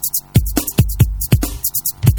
Thank you.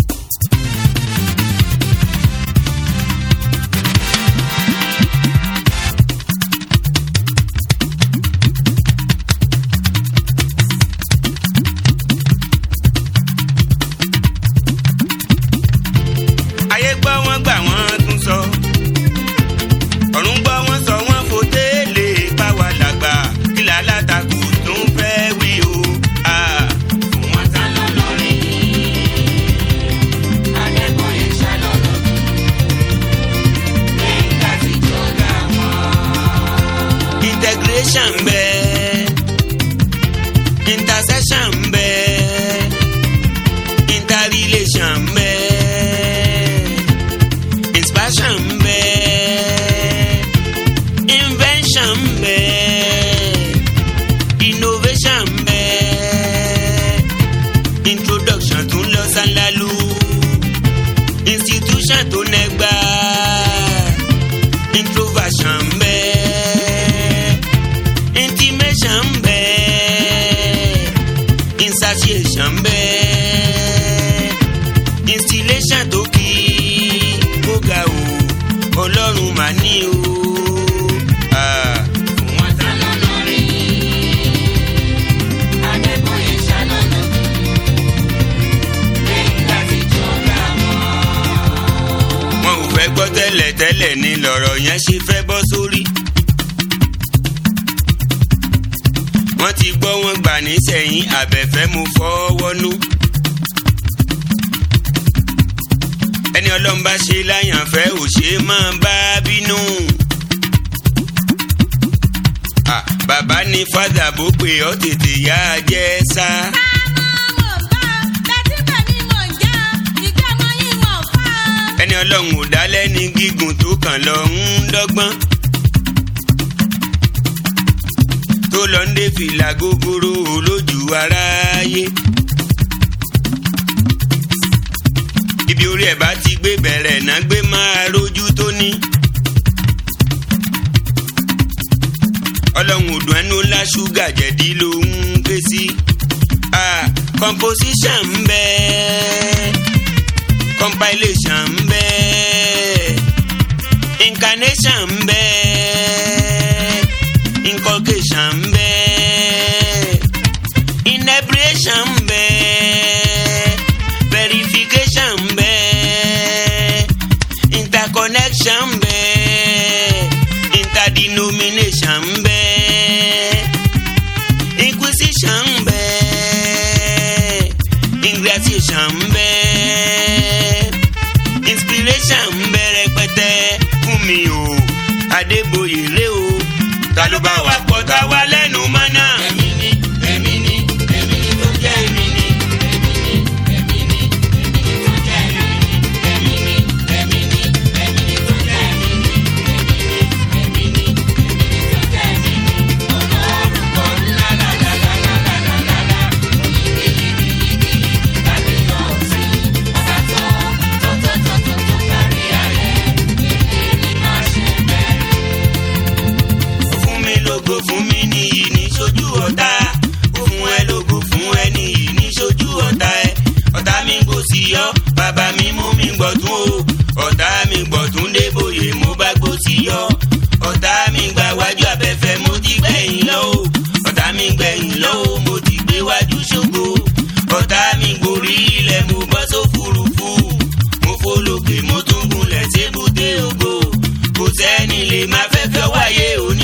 innovation. tẹ́lẹ̀ ni lọ̀rọ̀ yẹn ṣe fẹ́ bọ́ sórí. wọ́n ti gbọ́ wọn gbà nísẹ̀yìn àbẹ̀fẹ́ mo fọwọ́nú. ẹni ọlọ́run bá ṣe láyànfẹ́ ò ṣe máa bá bínú. bàbá ní fàdà bó pé ọ́ tètè yá a jẹ́ sá. ọlọ́run ò dálẹ́ ní gígùn tó kàn lọ ń dọ́gbọ́n. tó lọ ń dé fìlà gogoro olójú aráyé. ibi orí ẹ̀ bá ti gbé bẹ̀rẹ̀ náà gbé máa rójú tó ní. ọlọ́run òdùn ẹnu ńlá ṣúgà jẹ̀dí ló ń ké sí. Ah, composition ń bẹ́ẹ̀ compilation ń incarnation ń bẹ inculcation ń bẹ inebriation ń verification ń interconnection ń interdenomination ń lè má fẹ́ fẹ́ wáyé òní.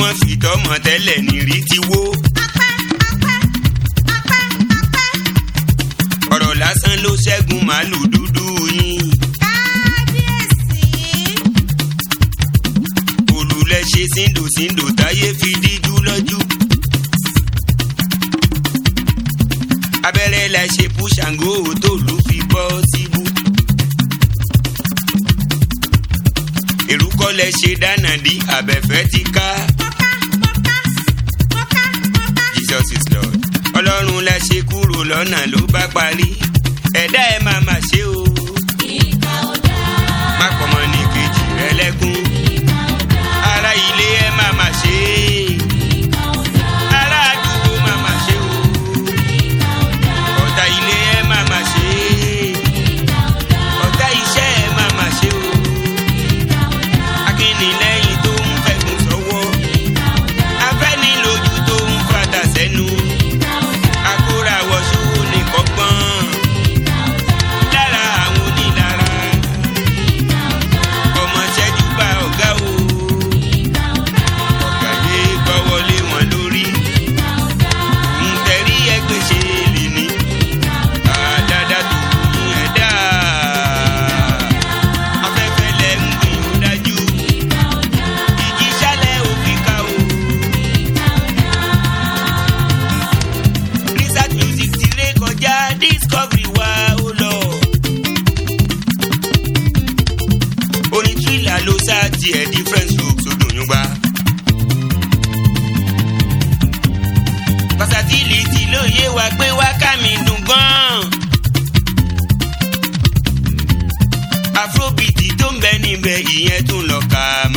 wọ́n fi tọmọ tẹ́lẹ̀ nírí ti wó. ọpẹ́ ọpẹ́ ọpẹ́ ọpẹ́. ọ̀rọ̀ lásán ló ṣẹ́gun màálùú dúdú yín. kábíyèsí. olùlẹ̀ ṣe síndòsíndò táyé fi díjú lọ́jú. abẹ́rẹ́ la ṣe fún Ṣàngó tòlú fi bọ́ síbú. èrúkọ lẹ ṣe dáná di abẹ́fẹ́ ti ká. lọ́nà ló bá parí.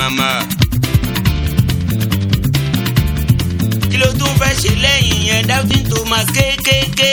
màmá. kí ló tún fẹ́ ṣe lẹ́yìn yẹn Doubting Thomas kéékèèké.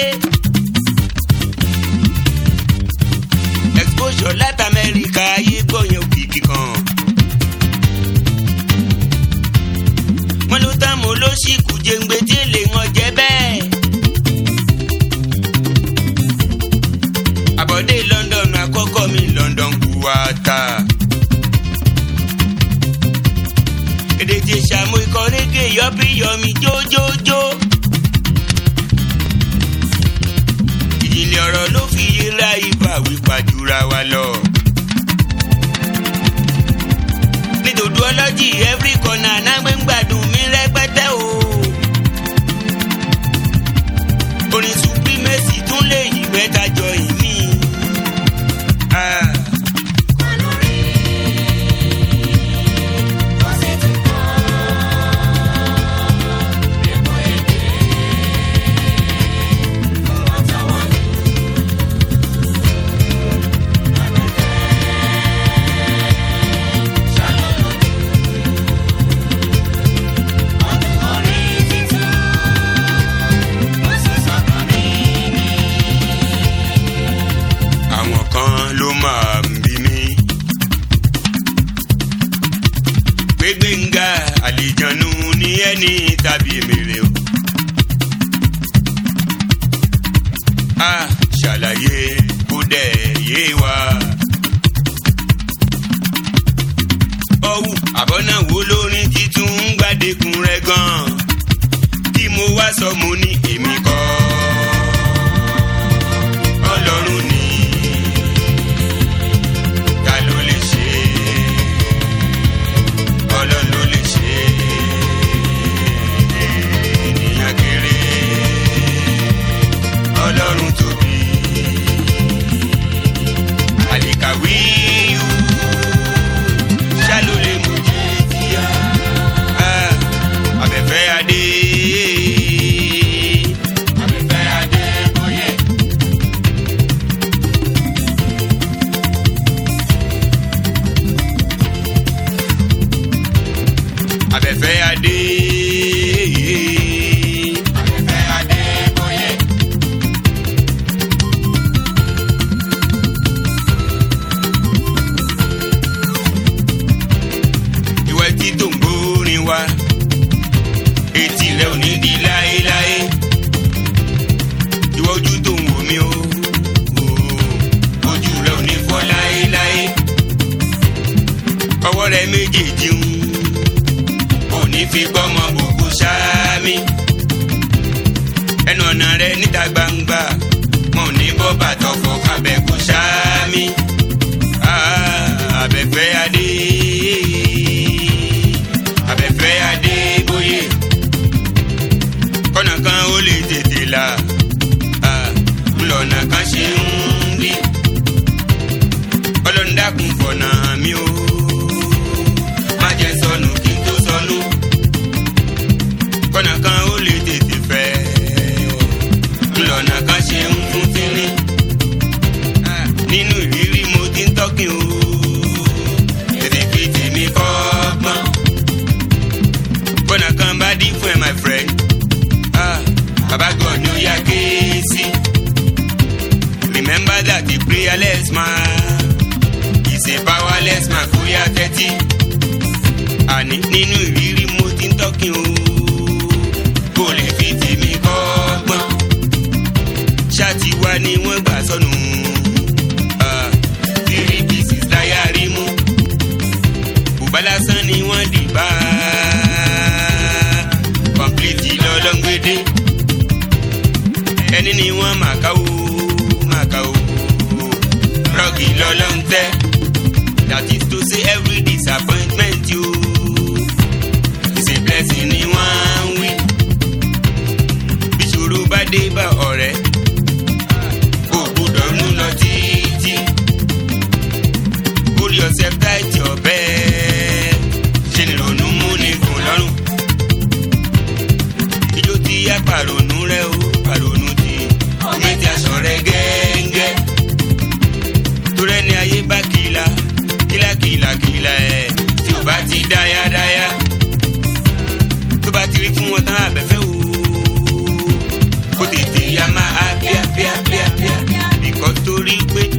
every corner na gbé ń gbàdùn mí rẹ́pẹ́tẹ́ o. orin supremacy tún lè yí bẹ́ẹ̀ tajọ yìí. so money in me. etí rẹ ò ní di láéláé ìwọ ojú tó ń wò mí o ojú rẹ ò ní fọ́ láéláé ọwọ́ rẹ méjèèjì ń ò ní fi gbọ́mọ gbogbo ṣáá. bright ọ̀bẹ ṣe lè ronú mú ní kùn lọ́rùn. ijó ti yá pàrònú rẹ o pàrònú ti méjì aṣọ rẹ gẹ́ngẹ́. torí ẹni ayé bá kìlà kìlà kìlà kìlà ẹ̀ tí ò bá torí pé.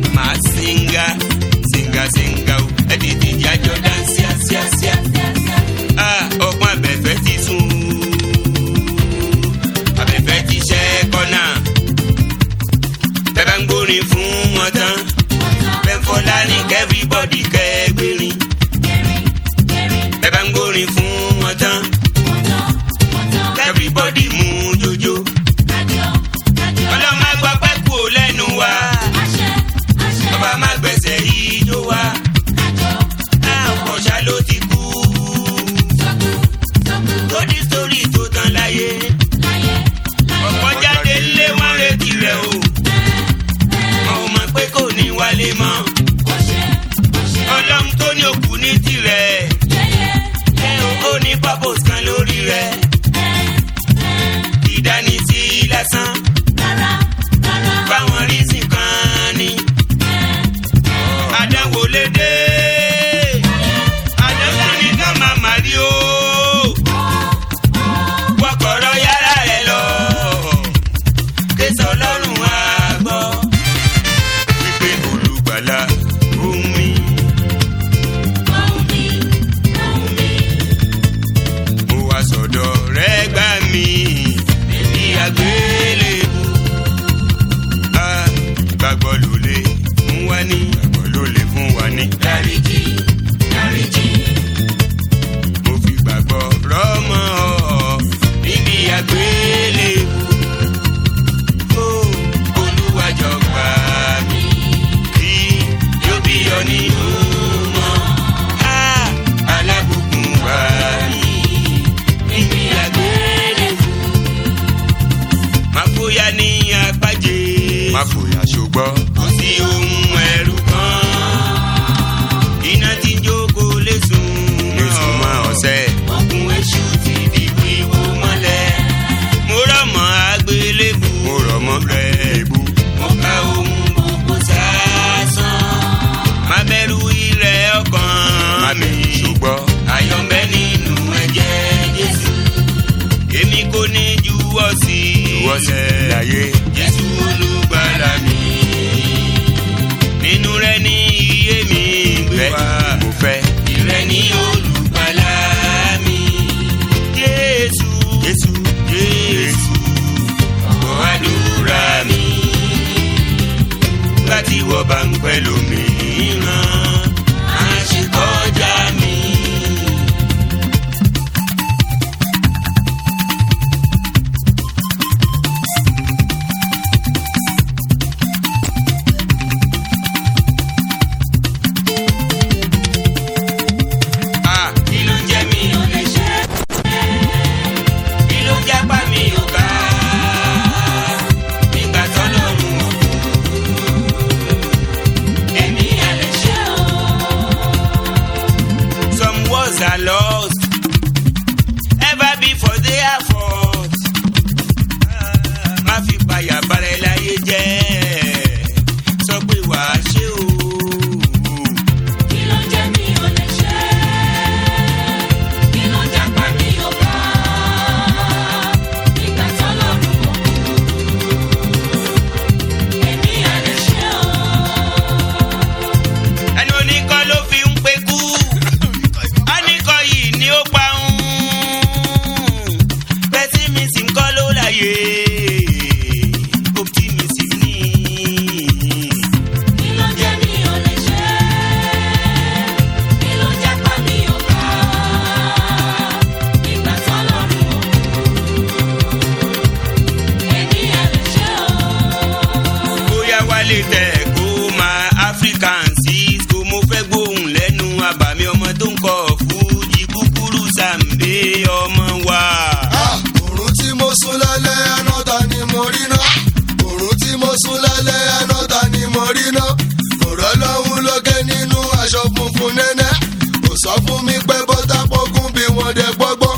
ọmọdé gbọ́gbọ́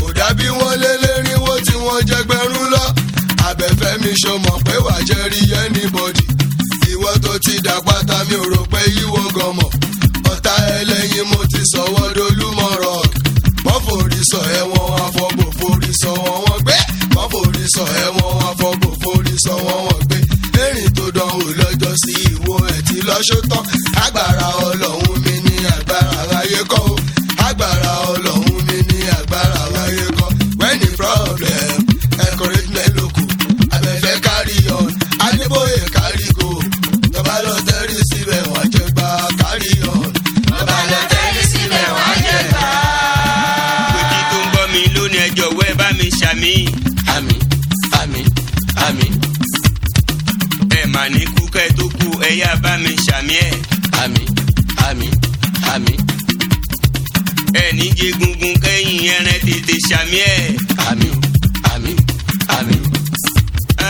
kò dàbí wọ́n lé lérínwó tí wọ́n jẹgbẹ̀rún lọ abẹ́fẹ́mi ṣọmọ pé wà á jẹ́ rí anybody ìwọ tó ti dà pátá mi ò rò pé yíwo gan mọ̀ ọ̀tá ẹlẹ́yin mo ti sọ̀wọ́ dolúmọ̀ rock mọ́fòrí sọ ẹ̀wọ̀n. jégúngún kẹ́yìn ẹran tètè sàmì ẹ̀. àmín àmín àmín.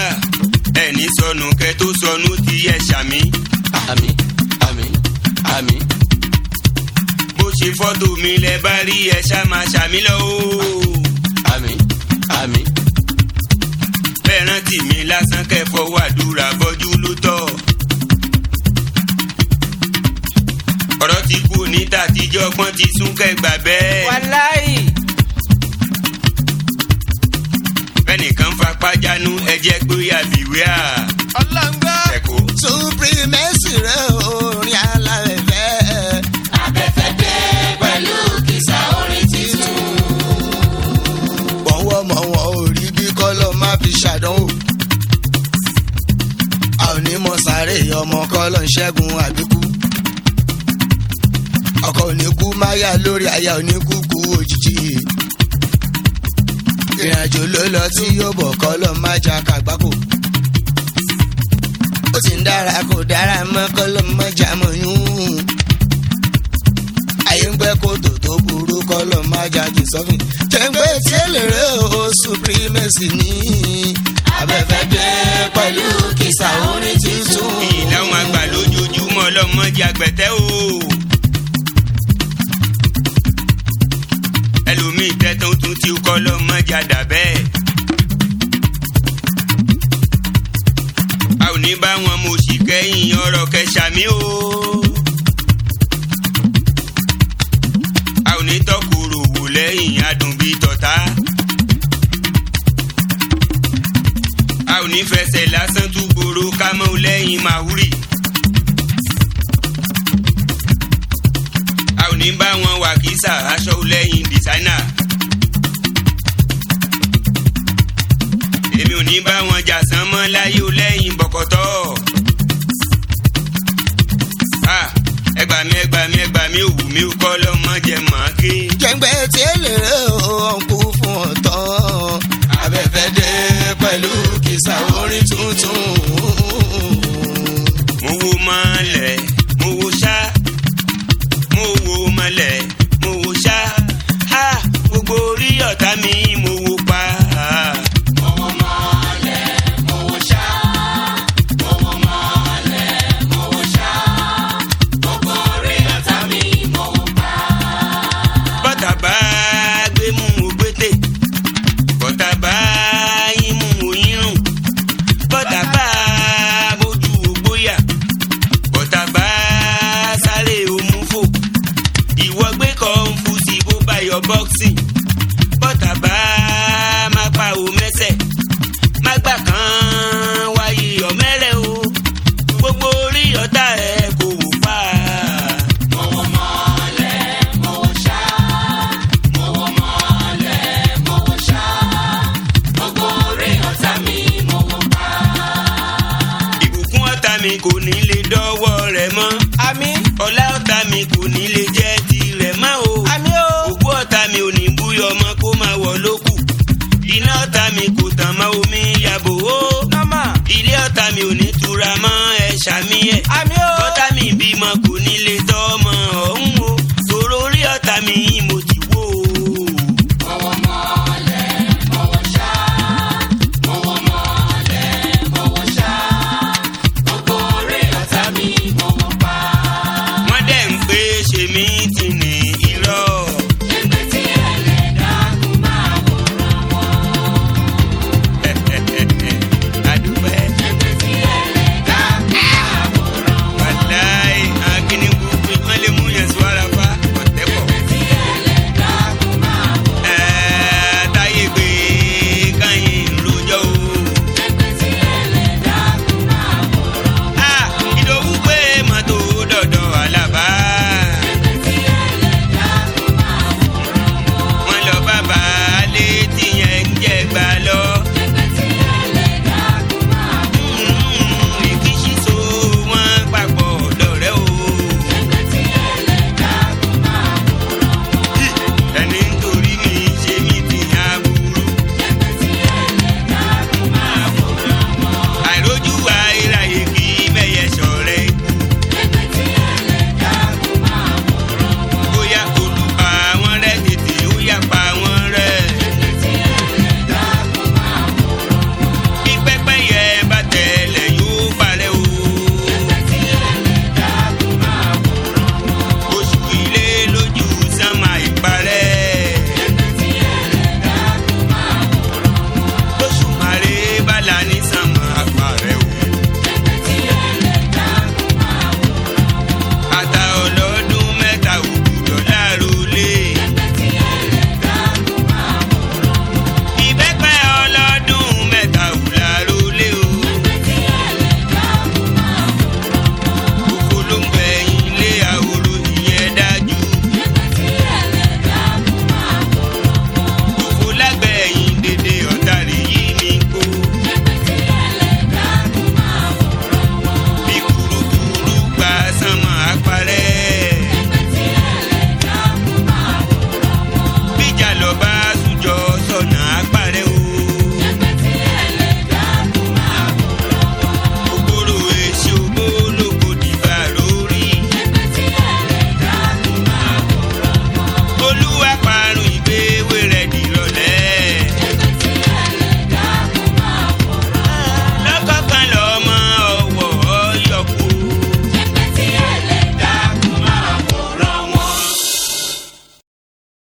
Ah, ẹni sọnù kẹ tó sọnù ti yẹ sàmì. ami, ami. àmín. bó ṣe fọ́tò mi lẹ bá rí ẹ ṣá máa sàmì lọ́wọ́. ọmọ kọ́ ló ń ṣẹ́gun àdúkú ọkọ oníkú máyà lórí aya oníkú kú òjijì ìrìnàjò ló lọ tí yóò bọ̀ kọ́ ló má jà kàgbákò ó sì ń dára kò dára mọ́ kọ́ ló má jà mọ́yún ayé ń gbẹ́ kòtò tó burú kọ́ ló má jà jù sọ́fìn tẹ́ńpẹ́ tí èlè rẹ̀ ó supremacy ní afẹ́fẹ́ gbé pẹ̀lú kìsà orin tuntun. ìdáhùn àgbà lójoojúmọ́ ọlọ́mọdé àgbẹ̀tẹ́ o. ẹlòmíì tẹ́tàn tún ti kọ́ ọlọ́mọdé àdàbẹ́. a ò ní bá wọn mo sì kẹ́yìn ọ̀rọ̀ kẹsàmí o.